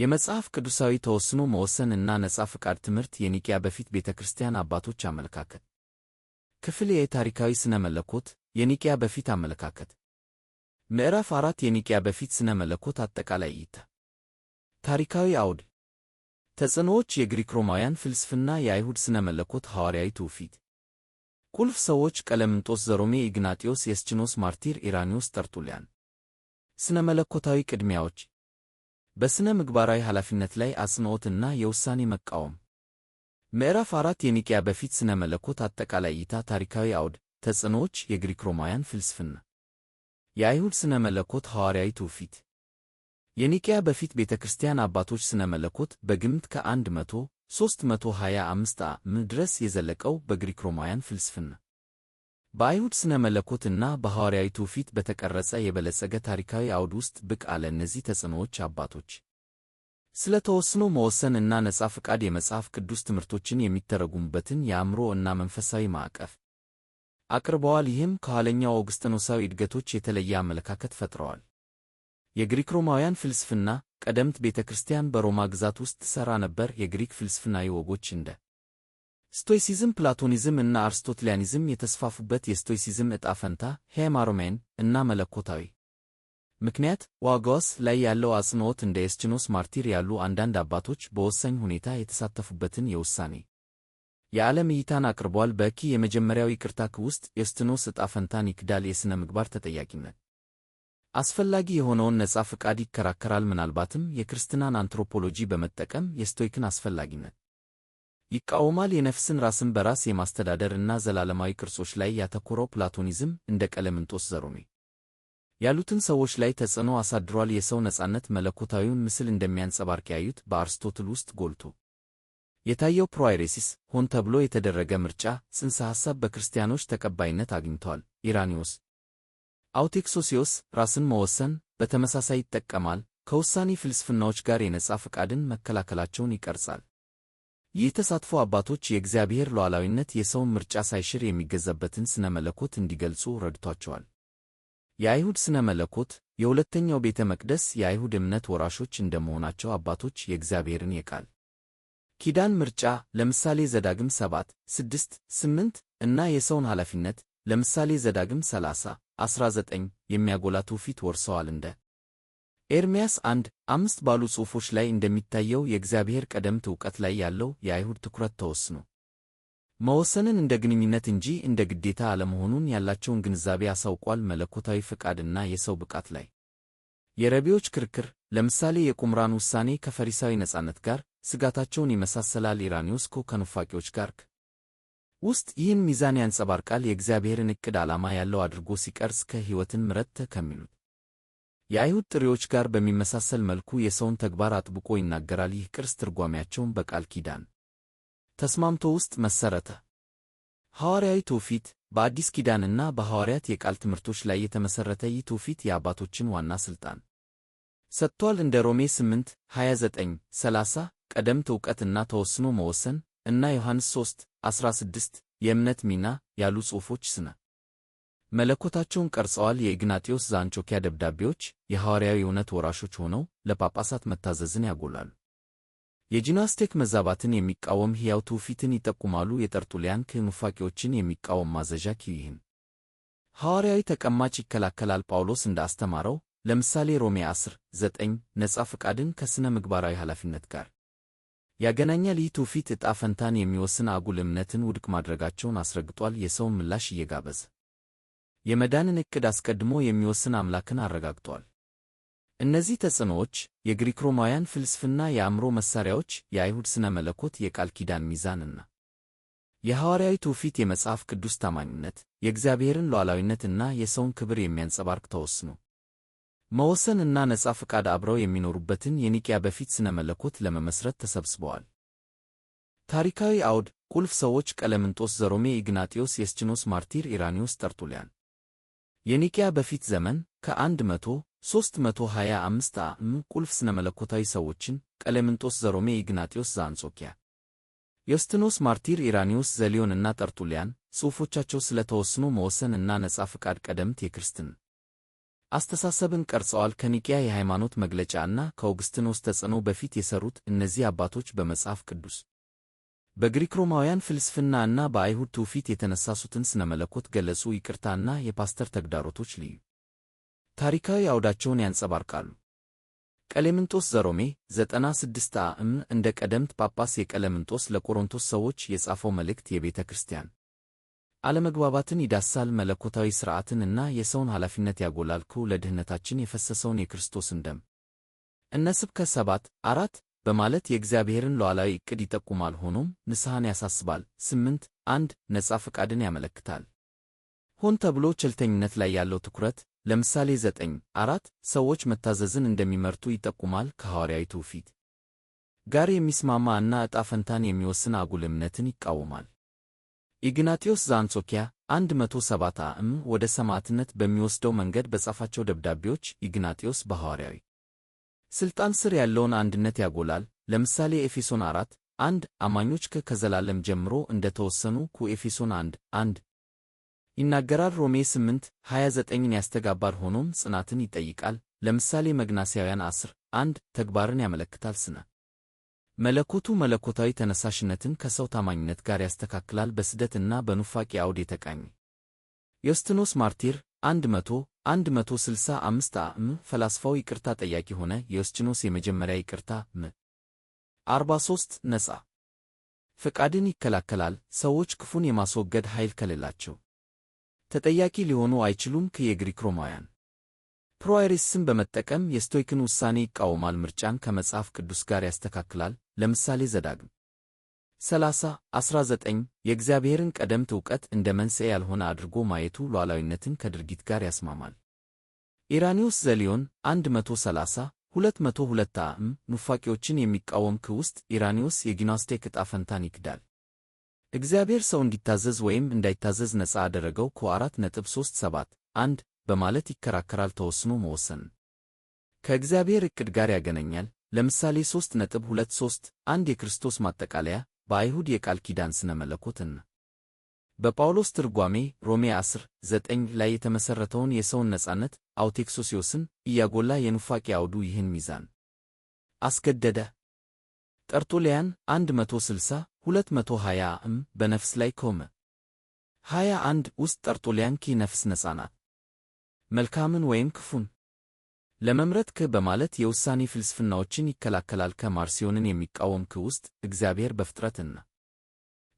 የመጽሐፍ ቅዱሳዊ ተወስኖ መወሰን እና ነጻ ፍቃድ ትምህርት የኒቅያ በፊት ቤተ ክርስቲያን አባቶች አመለካከት ክፍል የታሪካዊ ስነ መለኮት የኒቅያ በፊት አመለካከት ምዕራፍ አራት የኒቅያ በፊት ስነ መለኮት አጠቃላይ እይታ ታሪካዊ አውድ ተጽዕኖዎች የግሪክ ሮማውያን ፍልስፍና የአይሁድ ስነ መለኮት ሐዋርያዊ ትውፊት ቁልፍ ሰዎች ቀለምንጦስ ዘሮሜ ኢግናጢዮስ የስችኖስ ማርቲር ኢራኒዮስ ጠርጡልያን ስነ መለኮታዊ ቅድሚያዎች በሥነ ምግባራዊ ኃላፊነት ላይ አጽንዖትና የውሳኔ መቃወም። ምዕራፍ አራት የኒቅያ በፊት ሥነ መለኮት አጠቃላይ እይታ ታሪካዊ አውድ ተጽዕኖዎች የግሪክ ሮማውያን ፍልስፍና የአይሁድ ሥነ መለኮት ሐዋርያዊ ትውፊት የኒቅያ በፊት ቤተ ክርስቲያን አባቶች ሥነ መለኮት በግምት ከአንድ መቶ ሦስት መቶ ሃያ አምስት ዓ.ም ድረስ የዘለቀው በግሪክ ሮማውያን ፍልስፍና በአይሁድ ስነ መለኮት እና ፊት ትውፊት በተቀረጸ የበለጸገ ታሪካዊ አውድ ውስጥ ብቅ አለ። እነዚህ ተጽዕኖዎች አባቶች ስለ ተወስኖ መወሰን እና ነፃ ፈቃድ የመጽሐፍ ቅዱስ ትምህርቶችን የሚተረጉሙበትን የአእምሮ እና መንፈሳዊ ማዕቀፍ አቅርበዋል። ይህም ከኋለኛው ኦግስጠኖሳዊ ዕድገቶች የተለየ አመለካከት ፈጥረዋል። የግሪክ ሮማውያን ፍልስፍና ቀደምት ቤተ ክርስቲያን በሮማ ግዛት ውስጥ ትሠራ ነበር። የግሪክ ፍልስፍናዊ ወጎች እንደ ስቶይሲዝም ፕላቶኒዝም እና አርስቶትሊያኒዝም የተስፋፉበት የስቶይሲዝም ዕጣ ፈንታ ሄማሮሜን እና መለኮታዊ ምክንያት ዋጋስ ላይ ያለው አጽንዖት እንደ ኤስችኖስ ማርቲር ያሉ አንዳንድ አባቶች በወሳኝ ሁኔታ የተሳተፉበትን የውሳኔ የዓለም እይታን አቅርቧል። በኪ የመጀመሪያው ይቅርታክ ውስጥ የስትኖስ ዕጣ ፈንታን ይክዳል። የሥነ ምግባር ተጠያቂነት አስፈላጊ የሆነውን ነጻ ፈቃድ ይከራከራል፣ ምናልባትም የክርስትናን አንትሮፖሎጂ በመጠቀም የስቶይክን አስፈላጊነት ይቃወማል። የነፍስን ራስን በራስ የማስተዳደር እና ዘላለማዊ ቅርሶች ላይ ያተኮረው ፕላቶኒዝም እንደ ቀለምንጦስ ዘሮሜ ያሉትን ሰዎች ላይ ተጽዕኖ አሳድሯል። የሰው ነጻነት መለኮታዊውን ምስል እንደሚያንጸባርቅ ያዩት በአርስቶትል ውስጥ ጎልቶ የታየው ፕሮይሬሲስ ሆን ተብሎ የተደረገ ምርጫ ጽንሰ ሐሳብ በክርስቲያኖች ተቀባይነት አግኝተዋል። ኢራኒዎስ አውቴክሶሲዮስ ራስን መወሰን በተመሳሳይ ይጠቀማል፣ ከውሳኔ ፍልስፍናዎች ጋር የነጻ ፈቃድን መከላከላቸውን ይቀርጻል። ይህ ተሳትፎ አባቶች የእግዚአብሔር ሉዓላዊነት የሰውን ምርጫ ሳይሽር የሚገዛበትን ሥነ መለኮት እንዲገልጹ ረድቷቸዋል። የአይሁድ ሥነ መለኮት የሁለተኛው ቤተ መቅደስ የአይሁድ እምነት ወራሾች እንደመሆናቸው አባቶች የእግዚአብሔርን የቃል ኪዳን ምርጫ ለምሳሌ ዘዳግም ሰባት ስድስት ስምንት እና የሰውን ኃላፊነት ለምሳሌ ዘዳግም ሰላሳ አስራ ዘጠኝ የሚያጎላ ትውፊት ወርሰዋል እንደ ኤርምያስ አንድ አምስት ባሉ ጽሑፎች ላይ እንደሚታየው የእግዚአብሔር ቀደምት ዕውቀት ላይ ያለው የአይሁድ ትኩረት ተወስኖ መወሰንን እንደ ግንኙነት እንጂ እንደ ግዴታ አለመሆኑን ያላቸውን ግንዛቤ አሳውቋል። መለኮታዊ ፍቃድና እና የሰው ብቃት ላይ የረቢዎች ክርክር፣ ለምሳሌ የቁምራን ውሳኔ ከፈሪሳዊ ነጻነት ጋር ስጋታቸውን ይመሳሰላል። ኢራኒዮስ ከኑፋቂዎች ጋር ውስጥ ይህን ሚዛን ያንጸባርቃል። የእግዚአብሔርን ዕቅድ ዓላማ ያለው አድርጎ ሲቀርጽ ከሕይወትን ምረት ከሚሉት የአይሁድ ጥሪዎች ጋር በሚመሳሰል መልኩ የሰውን ተግባር አጥብቆ ይናገራል። ይህ ቅርስ ትርጓሜያቸውን በቃል ኪዳን ተስማምቶ ውስጥ መሠረተ። ሐዋርያዊ ትውፊት በአዲስ ኪዳንና በሐዋርያት የቃል ትምህርቶች ላይ የተመሠረተ ይህ ትውፊት የአባቶችን ዋና ሥልጣን ሰጥቷል። እንደ ሮሜ 8 29 30 ቀደምት ዕውቀትና ተወስኖ መወሰን እና ዮሐንስ 3 16 የእምነት ሚና ያሉ ጽሑፎች ስነ መለኮታቸውን ቀርጸዋል። የኢግናጢዮስ ዘአንጾኪያ ደብዳቤዎች የሐዋርያዊ እውነት ወራሾች ሆነው ለጳጳሳት መታዘዝን ያጎላሉ። የጂምናስቲክ መዛባትን የሚቃወም ሕያው ትውፊትን ይጠቁማሉ። የጠርጡሊያን ክህኑፋቂዎችን የሚቃወም ማዘዣ ይህን ሐዋርያዊ ተቀማጭ ይከላከላል። ጳውሎስ እንዳስተማረው ለምሳሌ ሮሜ 10 9 ነጻ ፈቃድን ከሥነ ምግባራዊ ኃላፊነት ጋር ያገናኛል። ይህ ትውፊት ዕጣ ፈንታን የሚወስን አጉል እምነትን ውድቅ ማድረጋቸውን አስረግጧል። የሰውን ምላሽ እየጋበዘ የመዳንን ዕቅድ አስቀድሞ የሚወስን አምላክን አረጋግጧል። እነዚህ ተጽዕኖዎች የግሪክ ሮማውያን ፍልስፍና የአእምሮ መሣሪያዎች፣ የአይሁድ ሥነ መለኮት የቃል ኪዳን ሚዛንና የሐዋርያዊ ትውፊት የመጽሐፍ ቅዱስ ታማኝነት፣ የእግዚአብሔርን ሉዓላዊነትና የሰውን ክብር የሚያንጸባርቅ ተወስኖ መወሰን እና ነጻ ፈቃድ አብረው የሚኖሩበትን የኒቅያ በፊት ሥነ መለኮት ለመመሥረት ተሰብስበዋል። ታሪካዊ አውድ ቁልፍ ሰዎች ቀለምንጦስ ዘሮሜ፣ ኢግናጢዮስ፣ የስችኖስ ማርቲር፣ ኢራኒዮስ፣ ጠርቱሊያን የኒቅያ በፊት ዘመን ከአንድ መቶ ሦስት መቶ ሃያ አምስት ዓ.ም ቁልፍ ስነመለኮታዊ ሰዎችን ቀሌምንጦስ ዘሮሜ ኢግናጢዮስ ዘአንጾኪያ ዮስትኖስ ማርቲር ኢራኒዮስ እና ጠርቱሊያን ጽሑፎቻቸው ስለ ተወስኖ መወሰን እና ነጻ ፍቃድ ቀደምት የክርስትን አስተሳሰብን ቀርጸዋል። ከኒቅያ የሃይማኖት መግለጫ እና ከኦግስትኖስ ተጽዕኖ በፊት የሠሩት እነዚህ አባቶች በመጽሐፍ ቅዱስ በግሪክ ሮማውያን ፍልስፍና እና በአይሁድ ትውፊት የተነሳሱትን ስነ መለኮት ገለጹ። ይቅርታና የፓስተር ተግዳሮቶች ልዩ ታሪካዊ አውዳቸውን ያንጸባርቃሉ። ቀሌምንጦስ ዘሮሜ 96 ዓ.ም እንደ ቀደምት ጳጳስ የቀሌምንጦስ ለቆሮንቶስ ሰዎች የጻፈው መልእክት የቤተ ክርስቲያን አለመግባባትን ይዳሳል፣ መለኮታዊ ሥርዓትን እና የሰውን ኃላፊነት ያጎላል። ለድህነታችን የፈሰሰውን የክርስቶስን ደም እነስብከ ሰባት አራት በማለት የእግዚአብሔርን ሉዓላዊ ዕቅድ ይጠቁማል። ሆኖም ንስሐን ያሳስባል። ስምንት አንድ ነጻ ፈቃድን ያመለክታል። ሆን ተብሎ ቸልተኝነት ላይ ያለው ትኩረት ለምሳሌ ዘጠኝ አራት ሰዎች መታዘዝን እንደሚመርጡ ይጠቁማል። ከሐዋርያዊ ትውፊት ጋር የሚስማማ እና ዕጣ ፈንታን የሚወስን አጉል እምነትን ይቃወማል። ኢግናጢዮስ ዛንሶኪያ 107 ዓ.ም ወደ ሰማዕትነት በሚወስደው መንገድ በጻፋቸው ደብዳቤዎች ኢግናጢዮስ በሐዋርያዊ ሥልጣን ሥር ያለውን አንድነት ያጎላል። ለምሳሌ ኤፌሶን አራት አንድ አማኞች ከከዘላለም ከዘላለም ጀምሮ እንደ ተወሰኑ ኩ ኤፌሶን አንድ አንድ ይናገራል። ሮሜ ስምንት 29 ዘጠኝን ያስተጋባል፣ ሆኖም ጽናትን ይጠይቃል። ለምሳሌ መግናሲያውያን አስር አንድ ተግባርን ያመለክታል። ስነ መለኮቱ መለኮታዊ ተነሳሽነትን ከሰው ታማኝነት ጋር ያስተካክላል። በስደትና በኑፋቂ በኑፋቄ አውድ የተቃኘ ዮስትኖስ ማርቲር አንድ መቶ አንድ መቶ ስልሳ አምስት አም ፈላስፋው ይቅርታ ጠያቂ ሆነ። የዮስጢኖስ የመጀመሪያ ይቅርታ ም አርባ ሦስት ነጻ ፍቃድን ይከላከላል። ሰዎች ክፉን የማስወገድ ኃይል ከሌላቸው ተጠያቂ ሊሆኑ አይችሉም። ከየግሪክ ሮማውያን ፕሮይሪስን በመጠቀም የስቶይክን ውሳኔ ይቃወማል። ምርጫን ከመጽሐፍ ቅዱስ ጋር ያስተካክላል። ለምሳሌ ዘዳግም ሰላሳ አስራ ዘጠኝ የእግዚአብሔርን ቀደምት ዕውቀት እንደ መንስኤ ያልሆነ አድርጎ ማየቱ ሉዓላዊነትን ከድርጊት ጋር ያስማማል። ኢራኒዮስ ዘሊዮን አንድ መቶ ሰላሳ ሁለት መቶ ሁለት ታዕም ኑፋቂዎችን የሚቃወም ክ ውስጥ ኢራኒዮስ የጊኖስቲክ ዕጣ ፈንታን ይክዳል። እግዚአብሔር ሰው እንዲታዘዝ ወይም እንዳይታዘዝ ነፃ አደረገው ኮ አራት ነጥብ ሦስት ሰባት አንድ በማለት ይከራከራል። ተወስኖ መወሰን ከእግዚአብሔር ዕቅድ ጋር ያገናኛል። ለምሳሌ ሦስት ነጥብ ሁለት ሦስት አንድ የክርስቶስ ማጠቃለያ በአይሁድ የቃል ኪዳን ስነ መለኮትን በጳውሎስ ትርጓሜ ሮሜ 10 9 ላይ የተመሠረተውን የሰውን ነጻነት አውቴክሶሲዮስን እያጎላ የኑፋቄ አውዱ ይህን ሚዛን አስገደደ። ጠርቶሊያን 160 220 እም በነፍስ ላይ ኮመ 21 ውስጥ ጠርጦልያን ኪ ነፍስ ነጻ ናት፣ መልካምን ወይም ክፉን ለመምረጥ ከ በማለት የውሳኔ ፍልስፍናዎችን ይከላከላል። ከማርሲዮንን የሚቃወም ውስጥ እግዚአብሔር በፍጥረትና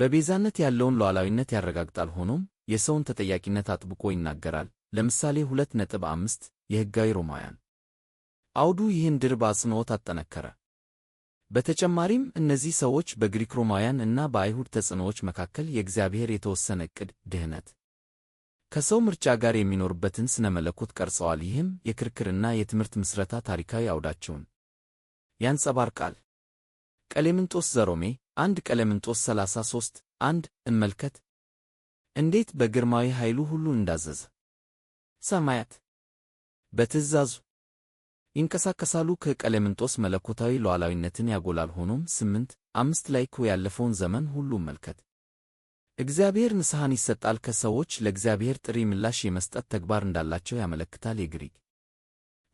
በቤዛነት ያለውን ሉዓላዊነት ያረጋግጣል። ሆኖም የሰውን ተጠያቂነት አጥብቆ ይናገራል። ለምሳሌ ሁለት ነጥብ አምስት የሕጋዊ ሮማውያን አውዱ ይህን ድር በአጽንኦት አጠነከረ። በተጨማሪም እነዚህ ሰዎች በግሪክ ሮማውያን እና በአይሁድ ተጽዕኖዎች መካከል የእግዚአብሔር የተወሰነ ዕቅድ ድህነት ከሰው ምርጫ ጋር የሚኖርበትን ስነ መለኮት ቀርጸዋል። ይህም የክርክርና የትምህርት ምስረታ ታሪካዊ አውዳቸውን ያንጸባርቃል። ቀሌምንጦስ ዘሮሜ አንድ ቀሌምንጦስ 33 አንድ እመልከት እንዴት በግርማዊ ኃይሉ ሁሉን እንዳዘዘ ሰማያት በትእዛዙ ይንቀሳቀሳሉ ከቀሌምንጦስ መለኮታዊ ሉዓላዊነትን ያጎላል። ሆኖም ስምንት አምስት ላይ ያለፈውን ዘመን ሁሉ እመልከት እግዚአብሔር ንስሐን ይሰጣል። ከሰዎች ለእግዚአብሔር ጥሪ ምላሽ የመስጠት ተግባር እንዳላቸው ያመለክታል። የግሪክ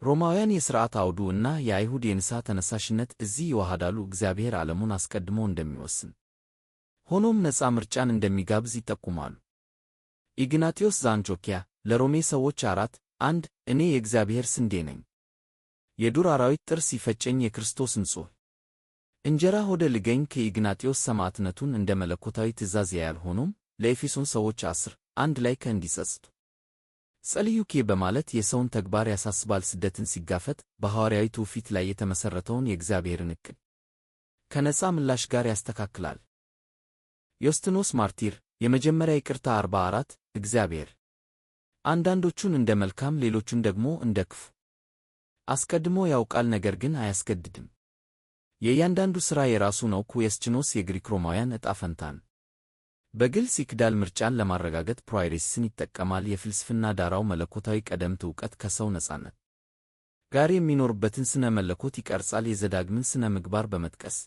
ሮማውያን የሥርዓት አውዱ እና የአይሁድ የንስሐ ተነሳሽነት እዚህ ይዋሃዳሉ። እግዚአብሔር ዓለሙን አስቀድሞ እንደሚወስን ሆኖም ነፃ ምርጫን እንደሚጋብዝ ይጠቁማሉ። ኢግናጢዮስ ዘአንጾኪያ ለሮሜ ሰዎች አራት አንድ እኔ የእግዚአብሔር ስንዴ ነኝ፣ የዱር አራዊት ጥርስ ሲፈጨኝ የክርስቶስ ንጹሕ እንጀራ ሆደ ልገኝ ከኢግናጤዎስ ሰማዕትነቱን እንደ መለኮታዊ ትእዛዝ ያያል። ሆኖም ለኤፌሶን ሰዎች ዐሥር አንድ ላይ ከእንዲጸጽቱ ጸልዩኬ በማለት የሰውን ተግባር ያሳስባል። ስደትን ሲጋፈጥ በሐዋርያዊ ትውፊት ላይ የተመሠረተውን የእግዚአብሔርን ዕቅድ ከነፃ ምላሽ ጋር ያስተካክላል። ዮስትኖስ ማርቲር የመጀመሪያ ይቅርታ 44 እግዚአብሔር አንዳንዶቹን እንደ መልካም ሌሎቹን ደግሞ እንደ ክፉ አስቀድሞ ያውቃል፣ ነገር ግን አያስገድድም። የእያንዳንዱ ሥራ የራሱ ነው። ኩዌስችኖስ የግሪክ ሮማውያን ዕጣ ፈንታን በግልጽ ይክዳል። ምርጫን ለማረጋገጥ ፕራይሬስን ይጠቀማል። የፍልስፍና ዳራው መለኮታዊ ቀደምት እውቀት ከሰው ነጻነት ጋር የሚኖርበትን ስነ መለኮት ይቀርጻል። የዘዳግምን ስነ ምግባር በመጥቀስ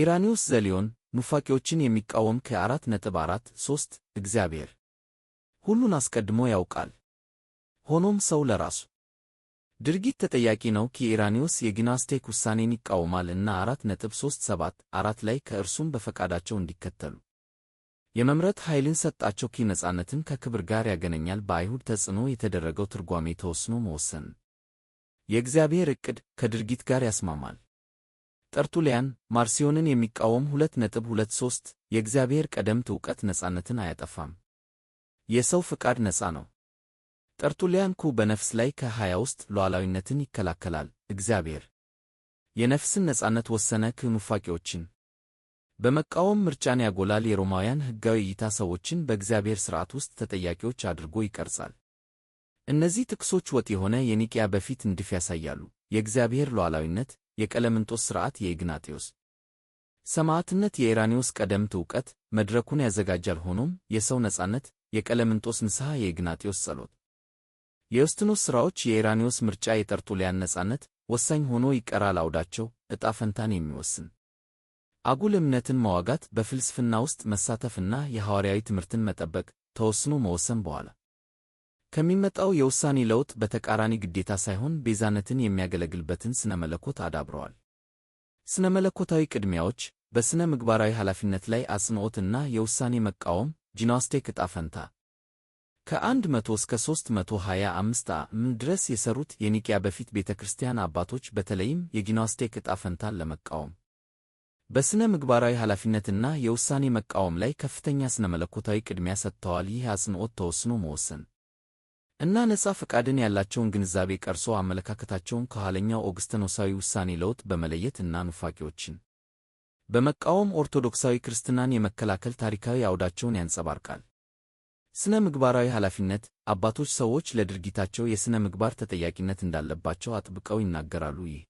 ኢራኒዮስ ዘሊዮን ኑፋቂዎችን የሚቃወም ከአራት ነጥብ አራት ሦስት እግዚአብሔር ሁሉን አስቀድሞ ያውቃል። ሆኖም ሰው ለራሱ ድርጊት ተጠያቂ ነው። ኪኢራኒዎስ የጊናስቴክ ውሳኔን ይቃወማል እና ሰባት አራት ላይ ከእርሱም በፈቃዳቸው እንዲከተሉ የመምረጥ ኃይልን ሰጣቸው። ኪ ነጻነትን ከክብር ጋር ያገናኛል። በአይሁድ ተጽዕኖ የተደረገው ትርጓሜ ተወስኖ መወሰን የእግዚአብሔር ዕቅድ ከድርጊት ጋር ያስማማል። ጠርቱሊያን ማርሲዮንን የሚቃወም 2.23 የእግዚአብሔር ቀደምት ዕውቀት ነጻነትን አያጠፋም። የሰው ፍቃድ ነጻ ነው። ጠርጡልያን ኩ በነፍስ ላይ ከሃያ ውስጥ ሉዓላዊነትን ይከላከላል። እግዚአብሔር የነፍስን ነጻነት ወሰነ ክኑፋቂዎችን በመቃወም ምርጫን ያጎላል። የሮማውያን ሕጋዊ እይታ ሰዎችን በእግዚአብሔር ሥርዓት ውስጥ ተጠያቂዎች አድርጎ ይቀርጻል። እነዚህ ጥቅሶች ወጥ የሆነ የኒቅያ በፊት ንድፍ ያሳያሉ። የእግዚአብሔር ሉዓላዊነት፣ የቀለምንጦስ ሥርዓት፣ የኢግናጤዎስ ሰማዕትነት፣ የኢራኔዎስ ቀደምት ዕውቀት መድረኩን ያዘጋጃል። ሆኖም የሰው ነጻነት፣ የቀለምንጦስ ንስሐ፣ የኢግናጤዎስ ጸሎት የዩስትኑስ ሥራዎች የኢራኒዮስ ምርጫ የጠርጡልያን ነጻነት ወሳኝ ሆኖ ይቀራል። አውዳቸው ዕጣ ፈንታን የሚወስን አጉል እምነትን መዋጋት፣ በፍልስፍና ውስጥ መሳተፍና የሐዋርያዊ ትምህርትን መጠበቅ ተወስኖ መወሰን በኋላ ከሚመጣው የውሳኔ ለውጥ በተቃራኒ ግዴታ ሳይሆን ቤዛነትን የሚያገለግልበትን ስነ መለኮት አዳብረዋል። ስነ መለኮታዊ ቅድሚያዎች በሥነ ምግባራዊ ኃላፊነት ላይ አጽንዖትና የውሳኔ መቃወም ጂናስቲክ ዕጣ ፈንታ ከአንድ መቶ እስከ ሶስት መቶ ሃያ አምስት ዓ.ም ድረስ የሰሩት የኒቅያ በፊት ቤተ ክርስቲያን አባቶች በተለይም የግኖስቲክ ዕጣ ፈንታን ለመቃወም በሥነ ምግባራዊ ኃላፊነትና የውሳኔ መቃወም ላይ ከፍተኛ ሥነ መለኮታዊ ቅድሚያ ሰጥተዋል። ይህ አጽንዖት ተወስኖ መወሰን እና ነጻ ፈቃድን ያላቸውን ግንዛቤ ቀርሶ አመለካከታቸውን ከኋለኛው ኦግስተኖሳዊ ውሳኔ ለውጥ በመለየት እና ኑፋቂዎችን በመቃወም ኦርቶዶክሳዊ ክርስትናን የመከላከል ታሪካዊ አውዳቸውን ያንጸባርቃል። ስነ ምግባራዊ ኃላፊነት አባቶች ሰዎች ለድርጊታቸው የሥነ ምግባር ተጠያቂነት እንዳለባቸው አጥብቀው ይናገራሉ። ይህ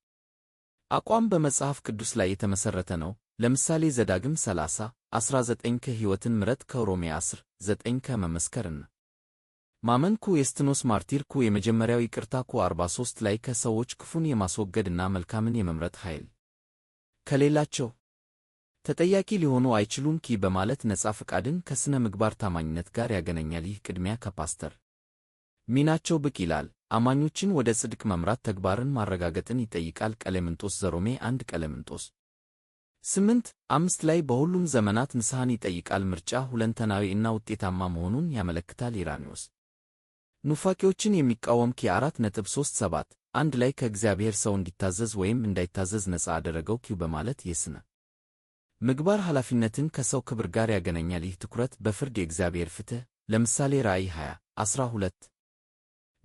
አቋም በመጽሐፍ ቅዱስ ላይ የተመሠረተ ነው። ለምሳሌ ዘዳግም 30 19 ከሕይወትን ምረት ከሮሜ 10 9 ከመመስከርን ማመንኩ የስትኖስ ማርቲርኩ የመጀመሪያው ይቅርታኩ 43 ላይ ከሰዎች ክፉን የማስወገድና መልካምን የመምረጥ ኃይል ከሌላቸው ተጠያቂ ሊሆኑ አይችሉም ኪ በማለት ነጻ ፈቃድን ከሥነ ምግባር ታማኝነት ጋር ያገናኛል። ይህ ቅድሚያ ከፓስተር ሚናቸው ብቅ ይላል። አማኞችን ወደ ጽድቅ መምራት ተግባርን ማረጋገጥን ይጠይቃል። ቀሌምንጦስ ዘሮሜ አንድ ቀሌምንጦስ ስምንት አምስት ላይ በሁሉም ዘመናት ንስሐን ይጠይቃል። ምርጫ ሁለንተናዊ እና ውጤታማ መሆኑን ያመለክታል። ኢራኒዎስ ኑፋቂዎችን የሚቃወም ኪ አራት ነጥብ 3 ሰባት አንድ ላይ ከእግዚአብሔር ሰው እንዲታዘዝ ወይም እንዳይታዘዝ ነጻ አደረገው ኪ በማለት የስነ ምግባር ኃላፊነትን ከሰው ክብር ጋር ያገናኛል። ይህ ትኩረት በፍርድ የእግዚአብሔር ፍትሕ ለምሳሌ ራእይ 20 12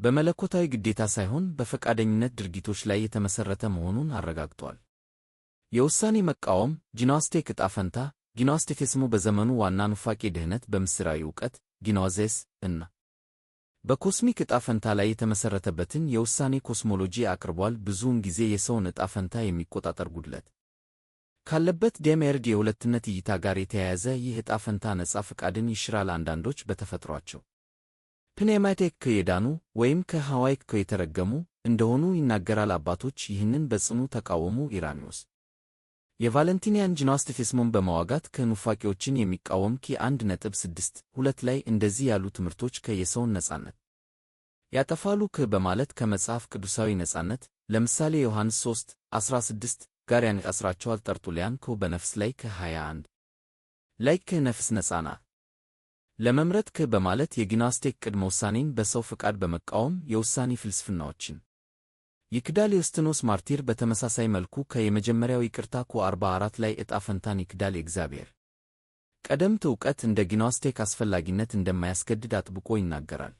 በመለኮታዊ ግዴታ ሳይሆን በፈቃደኝነት ድርጊቶች ላይ የተመሠረተ መሆኑን አረጋግጧል። የውሳኔ መቃወም ጂናስቴክ ዕጣ ፈንታ ጊኖስቲኪስሙ በዘመኑ ዋና ኑፋቄ ድህነት በምሥራዊ ዕውቀት ጊኖዜስ እና በኮስሚክ ዕጣ ፈንታ ላይ የተመሠረተበትን የውሳኔ ኮስሞሎጂ አቅርቧል። ብዙውን ጊዜ የሰውን ዕጣ ፈንታ የሚቆጣጠር ጉድለት ካለበት ዴሜርድ የሁለትነት እይታ ጋር የተያያዘ ይህ ዕጣ ፈንታ ነፃ ፈቃድን ይሽራል። አንዳንዶች በተፈጥሯቸው ፕኔማቴክ የዳኑ ወይም ከሐዋይ የተረገሙ እንደሆኑ ይናገራል። አባቶች ይህንን በጽኑ ተቃወሙ። ኢራኒዎስ የቫለንቲኒያን ጂምናስቲክስን በመዋጋት ከኑፋቂዎችን የሚቃወም ኪ ሁለት ላይ እንደዚህ ያሉ ትምህርቶች ከየሰውን ነፃነት ያጠፋሉ ክ በማለት ከመጽሐፍ ቅዱሳዊ ነፃነት ለምሳሌ ዮሐንስ 3 16 ጋር ያነጻጽራቸዋል። ጠርጡልያን ከ በነፍስ ላይ ከ21 ላይ ከነፍስ ነፃ ናት ለመምረጥ ከ በማለት የጊናስቲክ ቅድመ ውሳኔን በሰው ፍቃድ በመቃወም የውሳኔ ፍልስፍናዎችን ይክዳል። የውስጥኖስ ማርቲር በተመሳሳይ መልኩ ከየመጀመሪያው ይቅርታ ኮ 44 ላይ ዕጣ ፈንታን ይክዳል። የእግዚአብሔር ቀደምት ዕውቀት እንደ ጊናስቲክ አስፈላጊነት እንደማያስገድድ አጥብቆ ይናገራል።